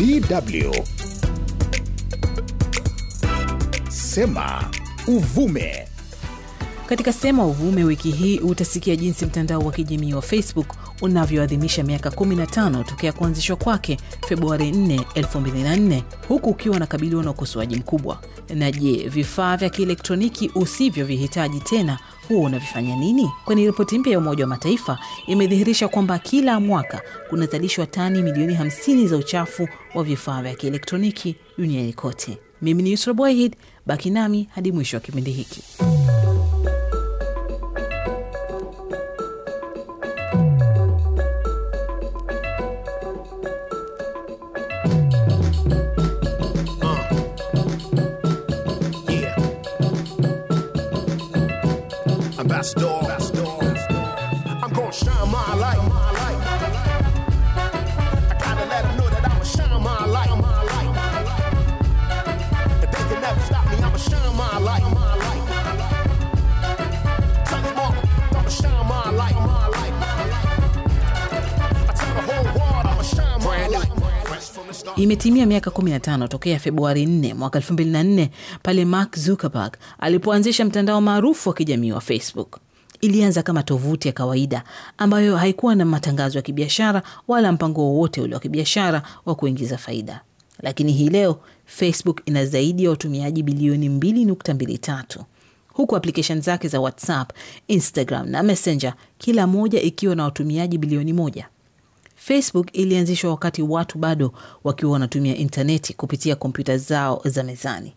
DW Sema Uvume. Katika Sema Uvume wiki hii utasikia jinsi mtandao wa kijamii wa Facebook unavyoadhimisha miaka 15 tokea kuanzishwa kwake Februari 4, 2004 huku ukiwa unakabiliwa na ukosoaji mkubwa. Na je, vifaa vya kielektroniki usivyovihitaji tena huo unavifanya nini? Kwani ripoti mpya ya Umoja wa Mataifa imedhihirisha kwamba kila mwaka kunazalishwa tani milioni 50 za uchafu wa vifaa vya kielektroniki duniani kote. Mimi ni Yusra bakinami hadi mwisho wa kipindi hiki. imetimia miaka 15 tokea februari 4 mwaka 24 pale mark zuckerberg alipoanzisha mtandao maarufu wa kijamii wa facebook ilianza kama tovuti ya kawaida ambayo haikuwa na matangazo ya kibiashara wala mpango wowote ule wa kibiashara wa kuingiza faida. Lakini hii leo Facebook ina zaidi ya watumiaji bilioni 2.23 huku application zake za WhatsApp, Instagram na Messenger kila moja ikiwa na watumiaji bilioni moja. Facebook ilianzishwa wakati watu bado wakiwa wanatumia intaneti kupitia kompyuta zao za mezani.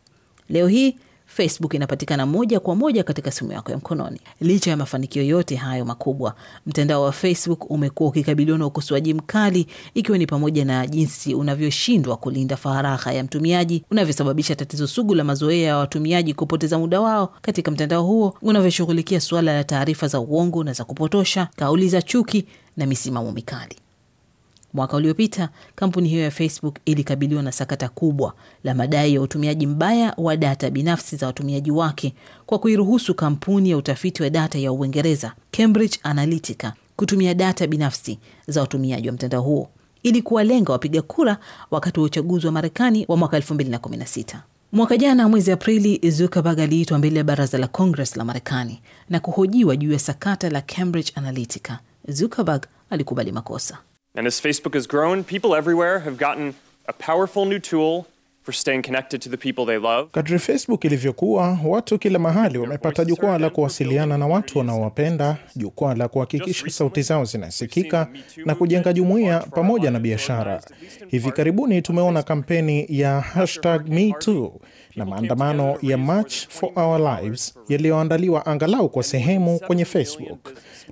Leo hii Facebook inapatikana moja kwa moja katika simu yako ya mkononi. Licha ya mafanikio yote hayo makubwa, mtandao wa Facebook umekuwa ukikabiliwa na ukosoaji mkali, ikiwa ni pamoja na jinsi unavyoshindwa kulinda faragha ya mtumiaji, unavyosababisha tatizo sugu la mazoea ya watumiaji kupoteza muda wao katika mtandao huo, unavyoshughulikia suala la taarifa za uongo na za kupotosha, kauli za chuki na misimamo mikali. Mwaka uliopita kampuni hiyo ya Facebook ilikabiliwa na sakata kubwa la madai ya utumiaji mbaya wa data binafsi za watumiaji wake kwa kuiruhusu kampuni ya utafiti wa data ya Uingereza Cambridge Analytica kutumia data binafsi za watumiaji wa mtandao huo ili kuwalenga wapiga kura wakati wa uchaguzi wa Marekani wa mwaka 2016. Mwaka jana mwezi Aprili, Zuckerberg aliitwa mbele ya baraza la Congress la Marekani na kuhojiwa juu ya sakata la Cambridge Analytica. Zuckerberg alikubali makosa. And as Facebook has grown, people everywhere have gotten a powerful new tool for staying connected to the people they love. Kadri Facebook ilivyokuwa, watu kila mahali wamepata jukwaa la kuwasiliana na watu wanaowapenda, jukwaa la kuhakikisha sauti zao zinasikika na kujenga jumuiya pamoja na biashara. Hivi karibuni tumeona kampeni ya hashtag MeToo na maandamano ya March for Our Lives yaliyoandaliwa angalau kwa sehemu kwenye Facebook.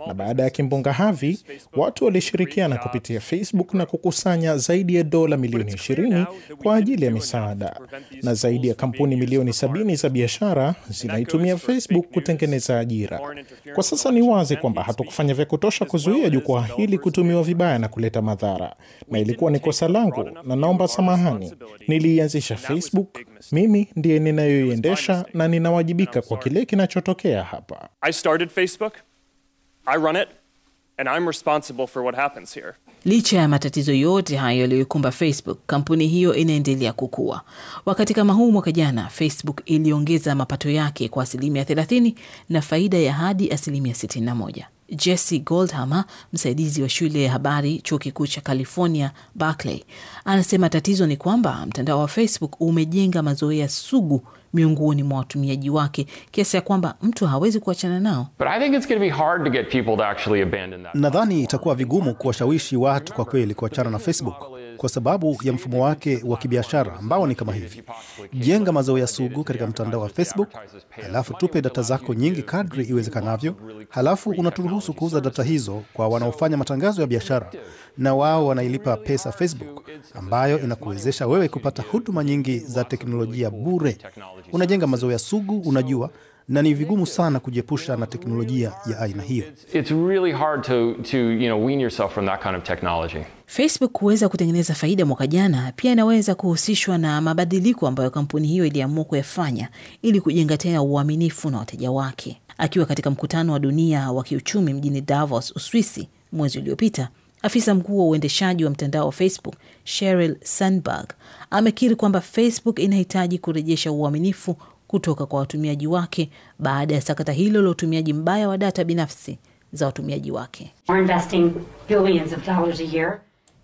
Na baada ya kimbunga Harvey, watu walishirikiana kupitia Facebook na kukusanya zaidi ya dola milioni 20 kwa ajili ya misaada, na zaidi ya kampuni milioni 70 za biashara zinaitumia Facebook kutengeneza ajira. Kwa sasa ni wazi kwamba hatukufanya vya kutosha kuzuia jukwaa hili kutumiwa vibaya na kuleta madhara, na ilikuwa ni kosa langu na naomba samahani. Niliianzisha Facebook mimi ndiye ninayoiendesha na ninawajibika kwa kile kinachotokea hapa. I started Facebook, I run it, and I'm responsible for what happens here. Licha ya matatizo yote hayo yaliyoikumba Facebook, kampuni hiyo inaendelea kukua. Wakati kama huu mwaka jana, Facebook iliongeza mapato yake kwa asilimia 30 na faida ya hadi asilimia 61. Jesse Goldhammer, msaidizi wa shule ya habari chuo kikuu cha California Berkeley, anasema tatizo ni kwamba mtandao wa Facebook umejenga mazoea sugu miongoni mwa watumiaji wake kiasi ya kwamba mtu hawezi kuachana nao. Nadhani itakuwa vigumu kuwashawishi watu kwa kweli kuachana na Facebook kwa sababu ya mfumo wake wa kibiashara ambao ni kama hivi: jenga mazao ya sugu katika mtandao wa Facebook, halafu tupe data zako nyingi kadri iwezekanavyo, halafu unaturuhusu kuuza data hizo kwa wanaofanya matangazo ya biashara na wao wanailipa pesa Facebook ambayo inakuwezesha wewe kupata huduma nyingi za teknolojia bure. Unajenga mazoea sugu, unajua, na ni vigumu sana kujiepusha na teknolojia ya aina hiyo. Facebook kuweza kutengeneza faida mwaka jana pia inaweza kuhusishwa na mabadiliko ambayo kampuni hiyo iliamua kuyafanya ili kujenga tena uaminifu na wateja wake. Akiwa katika mkutano wa dunia wa kiuchumi mjini Davos, Uswisi, mwezi uliopita, Afisa mkuu wa uendeshaji wa mtandao wa Facebook Sheryl Sandberg amekiri kwamba Facebook inahitaji kurejesha uaminifu kutoka kwa watumiaji wake baada ya sakata hilo la utumiaji mbaya wa data binafsi za watumiaji wake.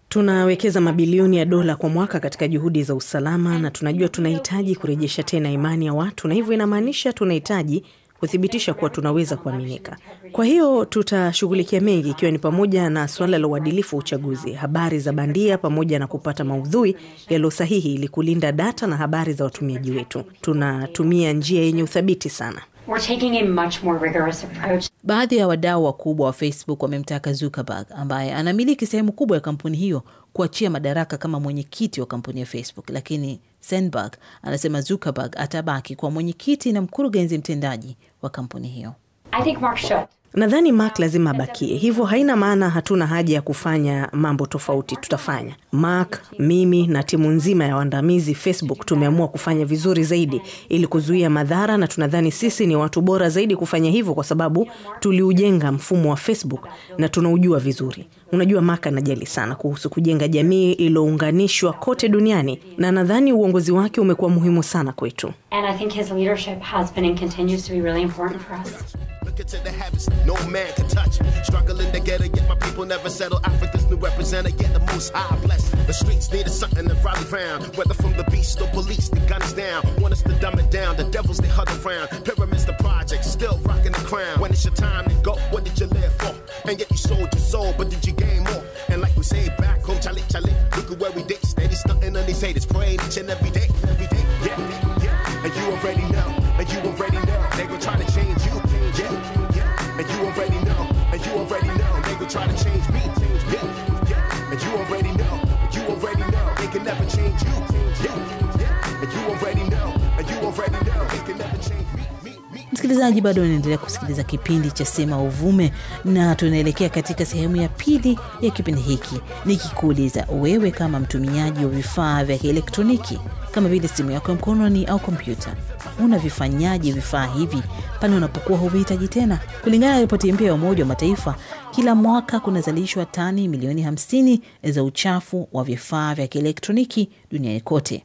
Tunawekeza mabilioni ya dola kwa mwaka katika juhudi za usalama, na tunajua tunahitaji kurejesha tena imani ya watu, na hivyo inamaanisha tunahitaji kuthibitisha kuwa tunaweza kuaminika. Kwa hiyo tutashughulikia mengi, ikiwa ni pamoja na suala la uadilifu wa uchaguzi, habari za bandia, pamoja na kupata maudhui yaliyo sahihi ili kulinda data na habari za watumiaji wetu. Tunatumia njia yenye uthabiti sana. We're taking a much more rigorous approach. Baadhi ya wadau wakubwa wa Facebook wamemtaka Zuckerberg ambaye anamiliki sehemu kubwa ya kampuni hiyo kuachia madaraka kama mwenyekiti wa kampuni ya Facebook, lakini Sandberg anasema Zuckerberg atabaki kwa mwenyekiti na mkurugenzi mtendaji wa kampuni hiyo. I think Mark should. Nadhani Mark lazima abakie, hivyo haina maana hatuna haja ya kufanya mambo tofauti. Tutafanya Mark, mimi na timu nzima ya waandamizi Facebook tumeamua kufanya vizuri zaidi ili kuzuia madhara, na tunadhani sisi ni watu bora zaidi kufanya hivyo kwa sababu tuliujenga mfumo wa Facebook na tunaujua vizuri. Unajua, Mark anajali sana kuhusu kujenga jamii iliyounganishwa kote duniani, na nadhani uongozi wake umekuwa muhimu sana kwetu. And I think his leadership has been and continues to be really important for us. pockets the habits no man can touch. Struggling together, yet my people never settle. Africa's new representative, yet the most high blessed. The streets needed something to rally round. Whether from the beast or police, the gun is down. Want us to dumb it down, the devils they huddle round. Pyramids the project, still rocking the crown. When it's your time to go, what did you live for? And yet you sold your soul, but did you gain more? And like we say back home, chali chali. look at where we did. Steady stunting on these haters, praying each and every day, every day. Yeah, yeah. And you already know, and you already know. They gon' try to never try to change me. Yeah, yeah. And you already know, you already know, they can never change you. Yeah, yeah. And you already know. Msikilizaji, bado unaendelea kusikiliza kipindi cha Sema Uvume, na tunaelekea katika sehemu ya pili ya kipindi hiki, nikikuuliza wewe kama mtumiaji wa vifaa vya kielektroniki kama vile simu yako ya mkononi au kompyuta, unavifanyaje vifaa hivi pale unapokuwa huvihitaji tena? Kulingana na ripoti mpya ya Umoja wa Mataifa, kila mwaka kunazalishwa tani milioni 50 za uchafu wa vifaa vya kielektroniki duniani kote.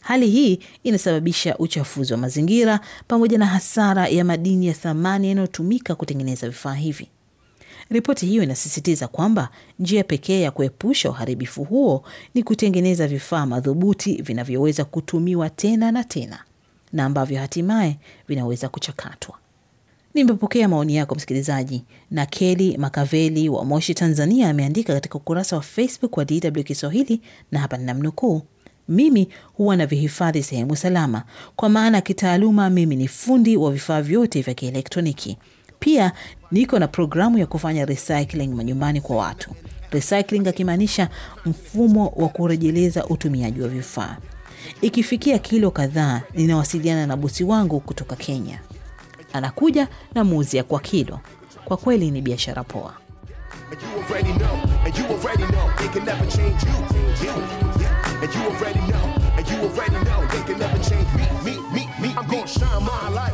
Hali hii inasababisha uchafuzi wa mazingira pamoja na hasara ya madini ya thamani yanayotumika kutengeneza vifaa hivi. Ripoti hiyo inasisitiza kwamba njia pekee ya kuepusha uharibifu huo ni kutengeneza vifaa madhubuti vinavyoweza kutumiwa tena na tena na ambavyo hatimaye vinaweza kuchakatwa. Nimepokea maoni yako msikilizaji. Na Keli Makaveli wa Moshi, Tanzania, ameandika katika ukurasa wa Facebook wa DW Kiswahili, na hapa ninamnukuu: mimi huwa na vihifadhi sehemu salama, kwa maana kitaaluma mimi ni fundi wa vifaa vyote vya kielektroniki. Pia niko na programu ya kufanya recycling manyumbani kwa watu, recycling akimaanisha mfumo wa kurejeleza utumiaji wa vifaa. Ikifikia kilo kadhaa, ninawasiliana na bosi wangu kutoka Kenya, anakuja na muuzia kwa kilo. Kwa kweli ni biashara poa and you already know, and you already know they can never change me, me, me, me. I'm gonna shine my light.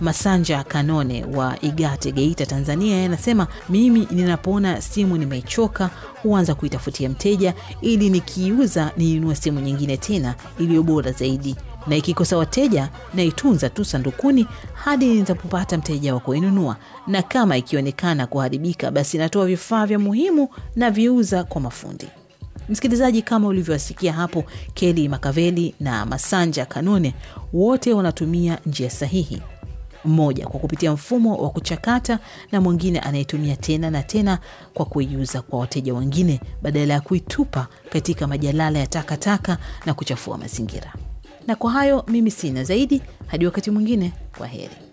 Masanja Kanone wa Igate Geita, Tanzania, anasema mimi ninapoona simu nimechoka huanza kuitafutia mteja ili nikiuza ninunue simu nyingine tena iliyo bora zaidi, na ikikosa wateja naitunza tu sandukuni hadi nitapopata mteja wa kuinunua, na kama ikionekana kuharibika, basi natoa vifaa vya muhimu na viuza kwa mafundi. Msikilizaji, kama ulivyowasikia hapo, Keli Makaveli na Masanja Kanune wote wanatumia njia sahihi mmoja kwa kupitia mfumo wa kuchakata na mwingine anayetumia tena na tena kwa kuiuza kwa wateja wengine badala ya kuitupa katika majalala ya takataka taka na kuchafua mazingira. Na kwa hayo mimi sina zaidi, hadi wakati mwingine, kwa heri.